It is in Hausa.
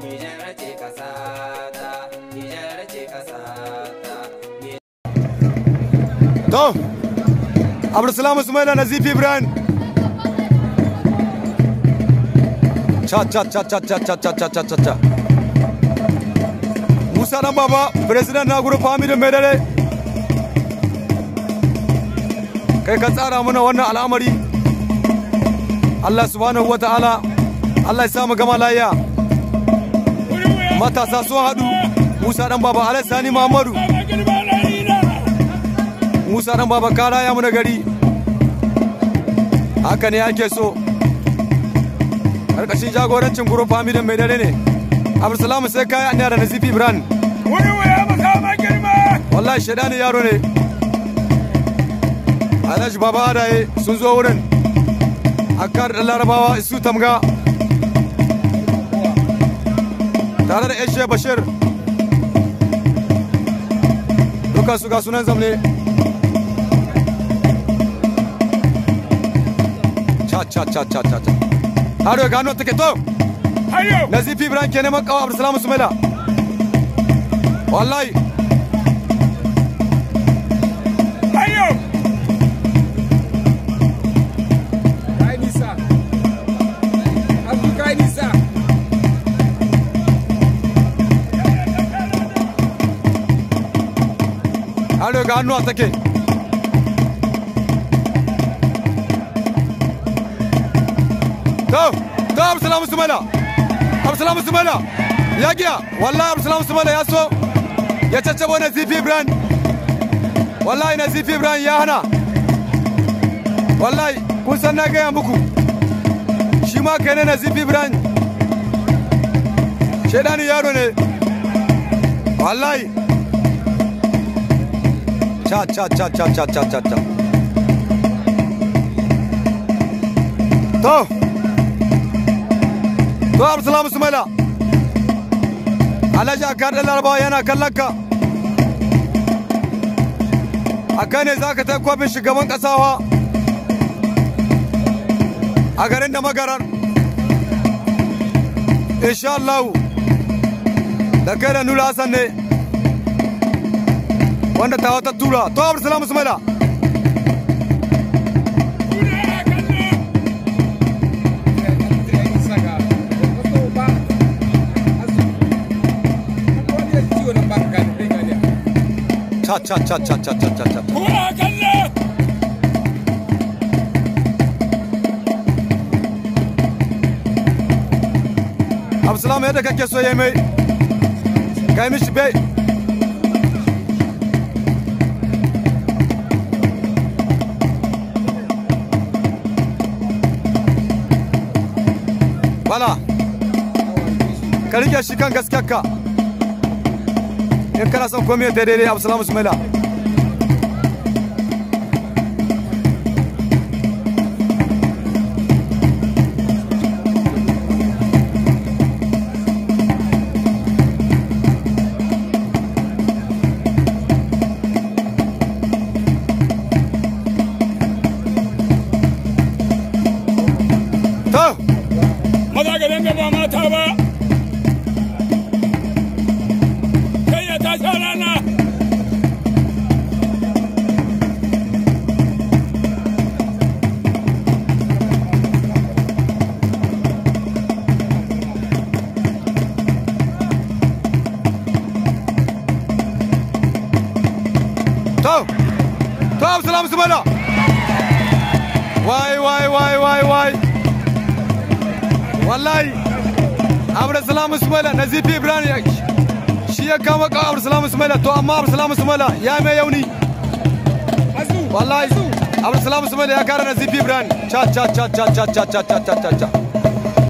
Nijar ce kasata, Nijar ce kasata. To, Abdulsalam Usman na Zifi Ibrahim. Cha cha cha cha cha Musa dan baba, president na group Kai ka tsara mana wannan al'amari. Allah subhanahu wa ta'ala Allah ya sa mu gama layya matasa sun haɗu musa dan baba alhaji sani muhammadu musa dan baba kara ya mu gari haka ne ake so karkashin jagorancin guru da mai dare ne abdulsalamu sai kayi an yara Zifi ibran wani waya ba ma girma wallahi shaidani yaro ne alhaji baba adaye sun zo wurin akar da larabawa su tamga tare da Eshe Bashir duka su ga sunan zamne ke neman kawo abdulsalam sumaila Mario ga hannu a sake. To, to Absalamu Sumala. Absalamu Sumala. Ya giya, wallahi Absalamu Sumala ya so ya caccabo na Zifi Ibrahim. Wallahi na Zifi Ibrahim ya hana. Wallahi kun san na gaya muku. Shi ma kai ne na Zifi Ibrahim. Shedani yaro ne. Wallahi Cha cha cha cha cha cha cha cha. To. To Abdulsalam Sumaila. Alhaji da yana kallon ka. ne za ka tai kofin shugaban ƙasa a garin da magarar. Insha Allah da kai da Nura Hassan ne. wanda tawa ta tura to abu salamu sumaila cha cha cha cha cha cha cha cha yadda kake so yayi mai ga bai wala ka rike shi kan gaskiyarka in kana son komai daidai ne abu salamu sumaila ba za ka danga ba mata ba kenya ta sha rana Why, why, why, why, why? wallahi abdulsalam ismaila nazifi ibrahim shi ya kama ka abdulsalam ismaila to amma abdulsalam ismaila ya mai yauni wallahi abdulsalam ismaila ya kara nazifi ibrahim cha cha cha cha cha cha cha cha cha cha